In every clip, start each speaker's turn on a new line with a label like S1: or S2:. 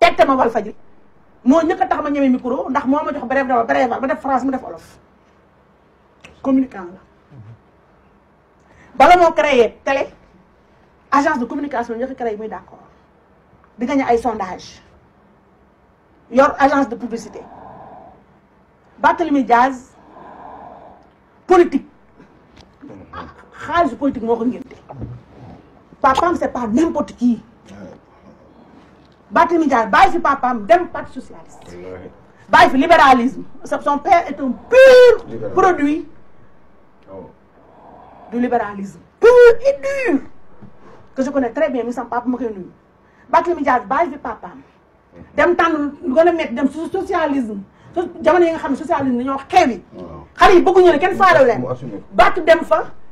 S1: tegte ma wal fajri mo ñëk tax ma ñeme micro ndax moo ma jox bref dama breval ba def France mu def olof communicant la bala moo créé télé agence de communication ñëk créé muy d'accord di gañe ay sondage yor agence de publicité Barthélemy Diaz politique mmh. xaalisu politique moo ko ngénte papaam c'est pas n'importe qui Barthélémy Dias bàyyi fi papa, dem parti socialiste bàyyi fi libéralisme son père est un pur produit oh. du libéralisme pur et dur que je connais très bien mais sans papa ma connu. nuyu Barthélémy Dias fi papa. Mhm. dem tan, lu gën a dem su socialisme su yi nga ne socialisme dañoo xew yi xale yi bëgguñu ne kenn faalew leen battu dem fa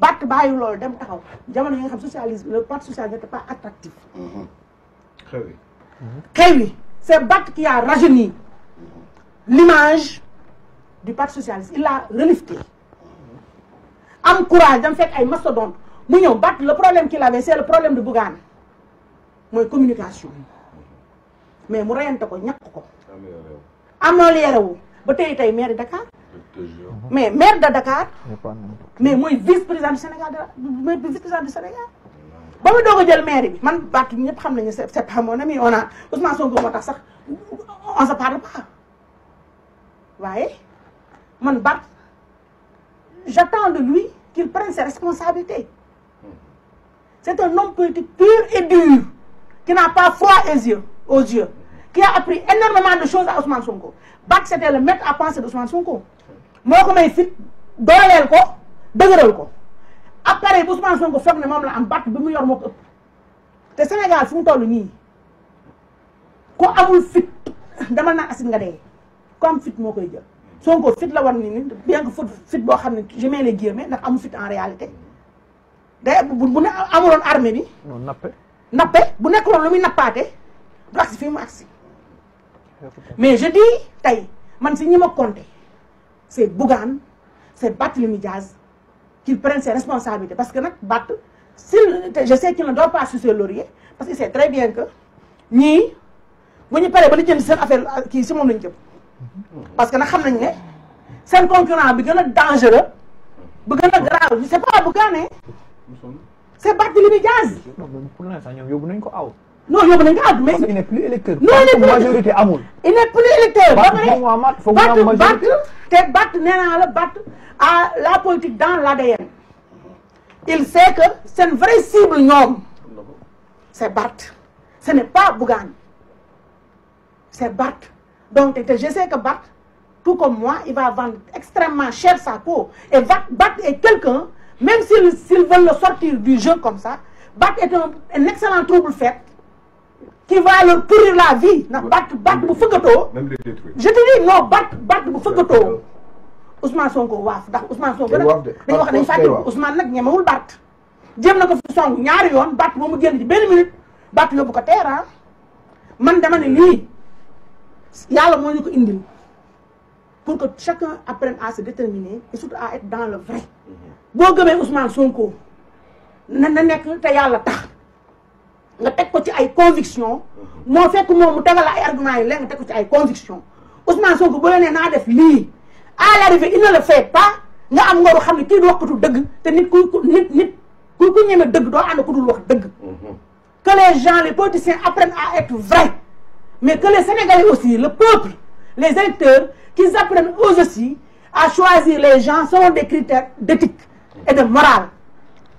S1: Barth bàyyi loolu dem taxaw jamono nga xam socialisme le parti socialiste n'était pas attractif. hmm na xëy na qui a rajeuni l'image du parti socialiste il l'a relifté am courage dem fek ay mastodonte mu ñëw Barth le problème qu'il avait c'est le problème de Bougane moy communication mais mu reyante ko ñàkk ko. am na lu ba tay tay maire Dakar. Mhm. mais maire de Dakar. mais moi vice président du Sénégal mais vice président du Sénégal. maire man pas mon ami on a on se parle pas Vous man j'attends de lui qu'il prenne ses responsabilités mhm. c'est un homme politique pur et dur qui n'a pas foi aux yeux qui a appris énormément de choses à Ousmane Sonko Bac c'était le maître à penser d'Ousmane Sonko moo ko may fit dooleel ko dëgëral ko appareil Ousmane Sonko foog ne moom la am batt bi mu yor moo ko ëpp te Sénégal fu mu toll nii ku amul fit dama naa acide nga dee ku am fit moo koy Sonko fit la war ni bien que fit boo xam ne je mets les guillemets ndax fit en réalité day bu bu ne amuloon armée Non, nappe nappe bu nekkuloon lu muy nappaate du agsi fii mu mais je dis tey man si ni ma compté c'est est Bougane c' est Barthélémy qu'il prenne ses responsabilités parce que nak, Barth si je sais qu'il ne doit pas sucer laurier parce que c'est très bien que ni, bu ñu paree ba li jëm seen affaire ah, kii si mon lañ parce que nag xam nañ ne seen concurrent bi gën dangereux bu gën grave je sais pas bu gaanee hein. c' est Barthélémy Diaz pour l'instant ñoom yóbbu nañ ko aw non yóbbu nañ ko àdduna. parce il n'est plus électeur. non il n'est plus majorité amul. il n'est plus électeur. ba pare batt batt te batt nee naa à la politique dans l'ADN il sait que c'est une vraie cible ñoom c'est Barth ce n'est pas Bougane c'est Barth donc je sais que Barth tout comme moi il va vendre extrêmement cher sa peau et Barth est quelqu'un même s'il s'il veut le sortir du jeu comme ça Barth est un, un excellent trouble-fête qui va leur pourrir la vie ndax bat, batt bu fëggatoo je te dis non bat, bat, bu fëggatoo Ousmane Sonko waaf ndax Ousmane Sonko nag wax dañu fàtte Ousmane nak ñemewul batt jëm nako ko fi song ñaari yoon batt moom mu génn ci benn minute batt yobu ko hein man dama ne lii yàlla moo ko indil pour que chacun apprenne à se déterminer et surtout à être dans le vrai mhm. bo gëmee Ousmane Sonko na na te yàlla tax nga teg ko ci ay conviction moo fekk moom mu tegal ay argument yi léegi ci ay conviction Ousmane Sonko bu la à l'arrivée il ne le fait pas nga am ngoru xam ne kii du Il dëgg te nit nit nit mhm. que les gens les politiciens apprennent à être vrais mais que les Sénégalais aussi le peuple les électeurs qu'ils apprennent aussi à choisir les gens selon des critères d'éthique et de morale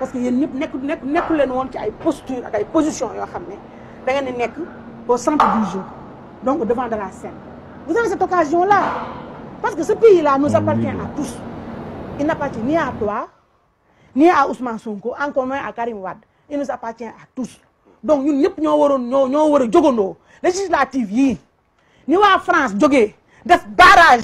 S1: parce que yéen ñëpp nek nekk nekku leen ci ay posture ak ay position yo xamné da ngeen au centre du jeu donc devant de la scène vous avez cette occasion là parce que ce pays là nous appartient à tous il n'appartient ni à toi ni à Ousmane Sonko encore moins à Karim Wade il nous appartient à tous donc ñun ñep ñoo waron ñoo ñoo war a jógandoo législative yii ni wa France jógee def barrage